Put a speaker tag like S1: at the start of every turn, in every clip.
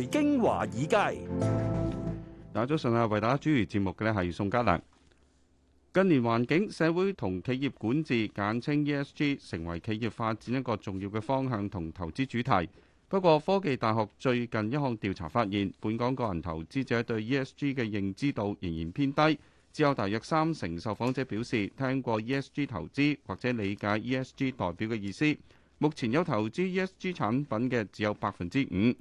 S1: 財經華爾街。大家早晨啊，為大家主持節目嘅呢係宋嘉良。近年環境、社會同企業管治，簡稱 E S G，成為企業發展一個重要嘅方向同投資主題。不過，科技大學最近一項調查發現，本港個人投資者對 E S G 嘅認知度仍然偏低，只有大約三成受訪者表示聽過 E S G 投資或者理解 E S G 代表嘅意思。目前有投資 E S G 產品嘅只有百分之五。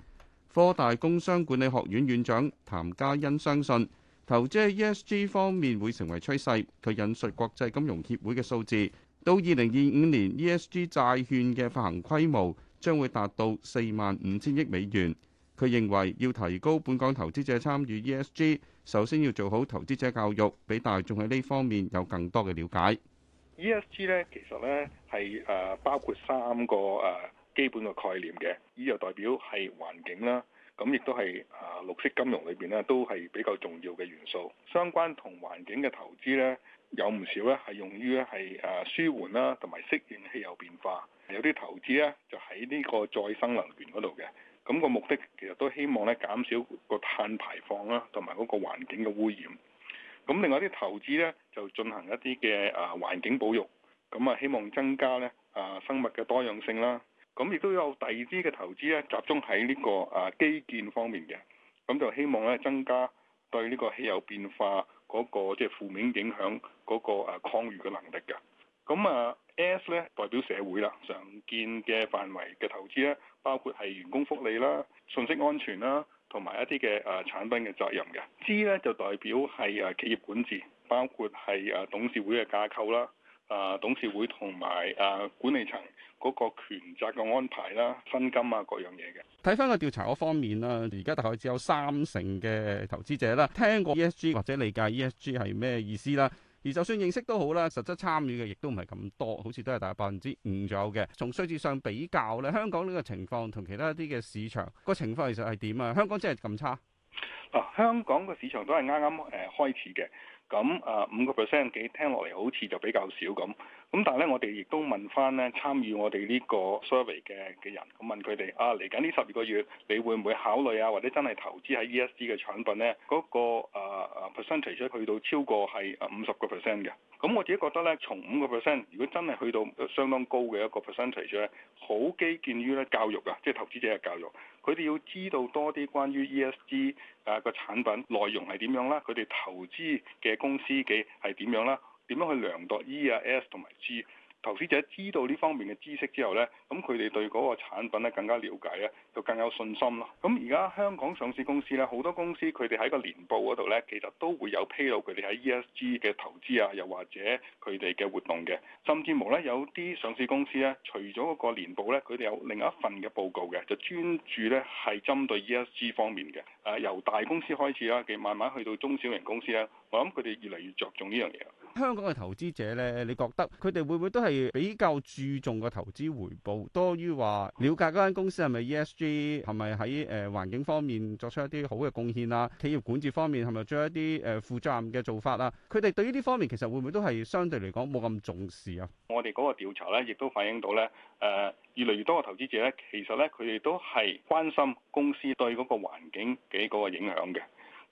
S1: 科大工商管理學院院長譚家欣相信投資喺 ESG 方面會成為趨勢。佢引述國際金融協會嘅數字，到二零二五年 ESG 債券嘅發行規模將會達到四萬五千億美元。佢認為要提高本港投資者參與 ESG，首先要做好投資者教育，俾大眾喺呢方面有更多嘅了解。
S2: ESG 呢，其實呢係誒包括三個誒。基本嘅概念嘅，依就代表係環境啦，咁亦都係啊綠色金融裏邊呢，都係比較重要嘅元素。相關同環境嘅投資呢，有唔少呢，係用於咧係舒緩啦同埋適應氣候變化。有啲投資呢，就喺呢個再生能源嗰度嘅，咁個目的其實都希望呢，減少個碳排放啦同埋嗰個環境嘅污染。咁另外啲投資呢，就進行一啲嘅啊環境保育，咁啊希望增加呢，啊生物嘅多樣性啦。咁亦都有第二支嘅投資咧，集中喺呢個啊基建方面嘅，咁就希望咧增加對呢個氣候變化嗰個即係負面影響嗰個啊抗御嘅能力嘅。咁啊 S 咧代表社會啦，常見嘅範圍嘅投資咧，包括係員工福利啦、信息安全啦，同埋一啲嘅啊產品嘅責任嘅。G 咧就代表係啊企業管治，包括係啊董事會嘅架構啦。啊！董事會同埋啊，管理層嗰個權責嘅安排啦、薪金啊，各樣嘢嘅。
S1: 睇翻個調查嗰方面啦，而家大概只有三成嘅投資者啦，聽過 ESG 或者理解 ESG 係咩意思啦。而就算認識都好啦，實質參與嘅亦都唔係咁多，好似都係大概百分之五左右嘅。從數字上比較咧，香港呢個情況同其他一啲嘅市場個情況其實係點啊？香港真係咁差？
S2: 嗱，香港個市場都係啱啱誒開始嘅。咁啊，五個 percent 幾，聽落嚟好似就比較少咁。咁但係咧，我哋亦都問翻咧參與我哋呢個 survey 嘅嘅人，咁問佢哋啊，嚟緊呢十二個月，你會唔會考慮啊，或者真係投資喺 ESG 嘅產品咧？嗰、那個啊 percentage、呃、去到超過係五十個 percent 嘅。咁我自己覺得咧，從五個 percent，如果真係去到相當高嘅一個 percentage 咧，好基建於咧教育啊，即、就、係、是、投資者嘅教育。佢哋要知道多啲關於 ESG 啊個產品內容係點樣啦，佢哋投資嘅公司嘅係點樣啦。點樣去量度 E 啊、S 同埋 G。投資者知道呢方面嘅知識之後呢，咁佢哋對嗰個產品咧更加了解咧，就更有信心咯。咁而家香港上市公司咧，好多公司佢哋喺個年報嗰度呢，其實都會有披露佢哋喺 E S G 嘅投資啊，又或者佢哋嘅活動嘅，甚至乎呢，有啲上市公司咧，除咗嗰個年報呢，佢哋有另一份嘅報告嘅，就專注呢係針對 E S G 方面嘅。啊，由大公司開始啦，嘅慢慢去到中小型公司啦，我諗佢哋越嚟越着重呢樣嘢。
S1: 香港嘅投資者咧，你覺得佢哋會唔會都係比較注重個投資回報，多於話了解嗰間公司係咪 ESG，係咪喺誒環境方面作出一啲好嘅貢獻啊？企業管治方面係咪做一啲誒負責任嘅做法啊？佢哋對於呢方面其實會唔會都係相對嚟講冇咁重視啊？
S2: 我哋嗰個調查咧，亦都反映到咧，誒，越嚟越多嘅投資者咧，其實咧佢哋都係關心公司對嗰個環境嘅嗰個影響嘅。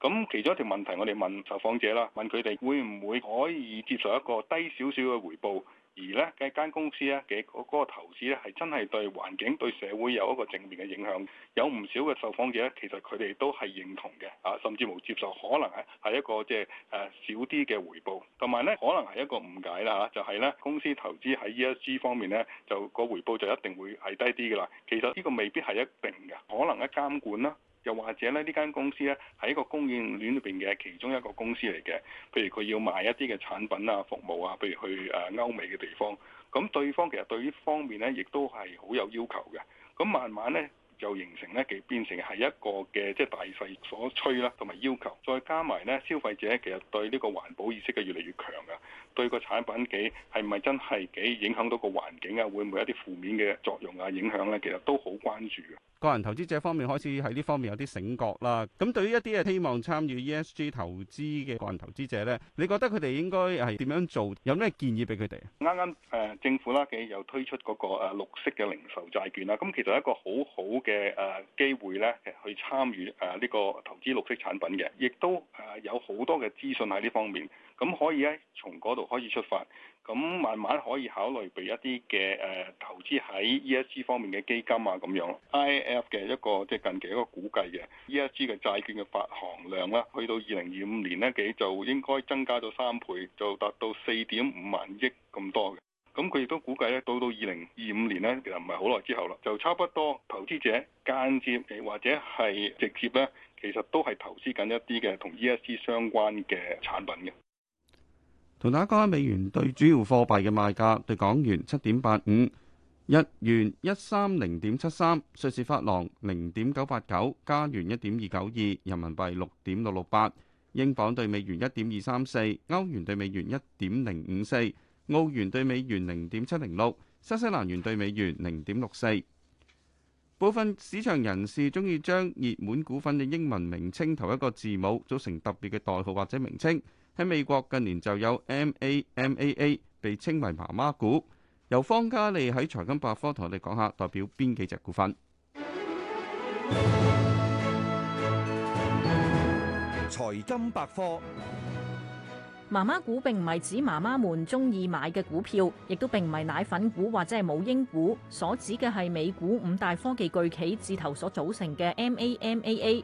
S2: 咁其中一條問題，我哋問受訪者啦，問佢哋會唔會可以接受一個低少少嘅回報，而呢間公司呢，嘅嗰個投資呢，係真係對環境對社會有一個正面嘅影響。有唔少嘅受訪者呢，其實佢哋都係認同嘅，啊，甚至冇接受可能呢係一個即係少啲嘅回報。同埋呢，可能係一個誤解啦嚇，就係呢，公司投資喺 E S G 方面呢，就個回報就一定會係低啲噶啦。其實呢個未必係一定嘅，可能一監管啦。又或者呢，呢間公司呢，喺一個供應鏈裏面嘅其中一個公司嚟嘅。譬如佢要賣一啲嘅產品啊、服務啊，譬如去誒、啊、歐美嘅地方。咁對方其實對呢方面呢，亦都係好有要求嘅。咁慢慢呢，就形成呢，其變成係一個嘅即、係、大勢所趨啦，同埋要求。再加埋呢消費者其實對呢個環保意識嘅越嚟越強嘅，對個產品幾係咪真係幾影響到個環境啊？會唔會一啲負面嘅作用啊、影響呢，其實都好關注
S1: 個人投資者方面開始喺呢方面有啲醒覺啦。咁對於一啲係希望參與 ESG 投資嘅個人投資者呢，你覺得佢哋應該係點樣做？有咩建議俾佢哋？
S2: 啱啱誒政府啦嘅又推出嗰個誒綠色嘅零售債券啦。咁其實一個好好嘅誒機會咧，去參與誒呢個投資綠色產品嘅，亦都誒有好多嘅資訊喺呢方面，咁可以咧從嗰度開始出發。咁慢慢可以考慮畀一啲嘅誒投資喺 E S G 方面嘅基金啊咁樣，I F 嘅一個即係近期一個估計嘅 E S G 嘅債券嘅發行量啦，去到二零二五年呢幾就應該增加咗三倍，就達到四點五萬億咁多嘅。咁佢亦都估計咧，到到二零二五年呢，其實唔係好耐之後啦，就差不多投資者間接或者係直接咧，其實都係投資緊一啲嘅同 E S G 相關嘅產品嘅。
S1: 同大家講下美元對主要貨幣嘅賣價，對港元七點八五，日元一三零點七三，瑞士法郎零點九八九，加元一點二九二，人民幣六點六六八，英鎊對美元一點二三四，歐元對美元一點零五四，澳元對美元零點七零六，新西蘭元對美元零點六四。部分市場人士中意將熱門股份嘅英文名稱頭一個字母組成特別嘅代號或者名稱。喺美國近年就有 MAMAA 被稱為媽媽股，由方嘉利喺財金百科同我哋講下代表邊幾隻股份。財金百科，
S3: 媽媽股並唔係指媽媽們中意買嘅股票，亦都並唔係奶粉股或者係母嬰股，所指嘅係美股五大科技巨企字頭所組成嘅 MAMAA。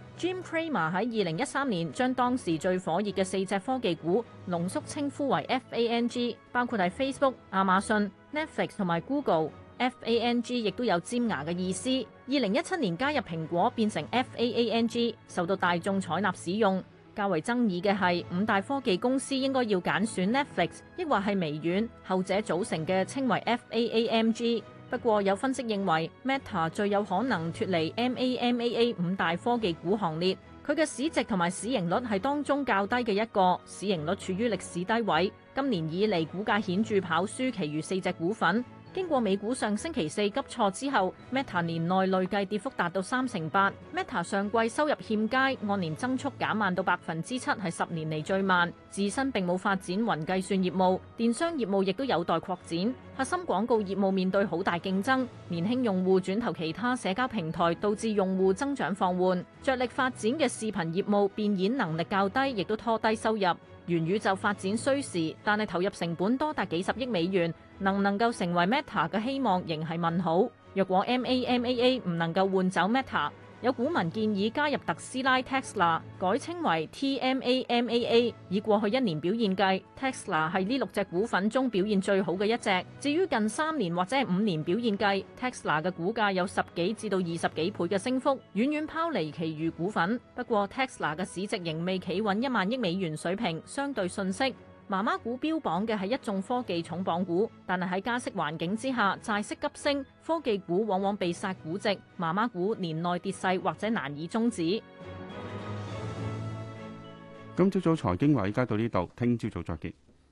S3: Jim Cramer 喺二零一三年將當時最火熱嘅四隻科技股濃縮稱呼為 FANG，包括係 Facebook、亞馬遜、Netflix 同埋 Google。FANG 亦都有尖牙嘅意思。二零一七年加入蘋果，變成 FAANG，受到大眾採納使用。較為爭議嘅係五大科技公司應該要揀選 Netflix，亦或係微軟，後者組成嘅稱為 FAAMG。不過有分析認為，Meta 最有可能脫離 MAMAA 五大科技股行列。佢嘅市值同埋市盈率係當中較低嘅一個，市盈率處於歷史低位。今年以嚟股價顯著跑輸其餘四隻股份。經過美股上星期四急挫之後，Meta 年內累計跌幅達到三成八。Meta 上季收入欠佳，按年增速減慢到百分之七，係十年嚟最慢。自身並冇發展雲計算業務，電商業務亦都有待擴展。核心廣告業務面對好大競爭，年輕用戶轉投其他社交平台，導致用戶增長放緩。着力發展嘅視頻業務變現能力較低，亦都拖低收入。元宇宙發展需時，但係投入成本多達幾十億美元。能能夠成為 Meta 嘅希望仍係問號。若果 MAMAA 唔能夠換走 Meta，有股民建議加入特斯拉 Tesla，改稱為 TMAMAA。以過去一年表現計，Tesla 係呢六隻股份中表現最好嘅一隻。至於近三年或者五年表現計，Tesla 嘅股價有十幾至到二十幾倍嘅升幅，遠遠拋離其餘股份。不過 Tesla 嘅市值仍未企穩一萬億美元水平，相對遜色。媽媽股標榜嘅係一眾科技重磅股，但係喺加息環境之下，債息急升，科技股往往被殺估值，媽媽股年內跌勢或者難以終止。
S1: 今朝早財經華爾街到呢度，聽朝早再見。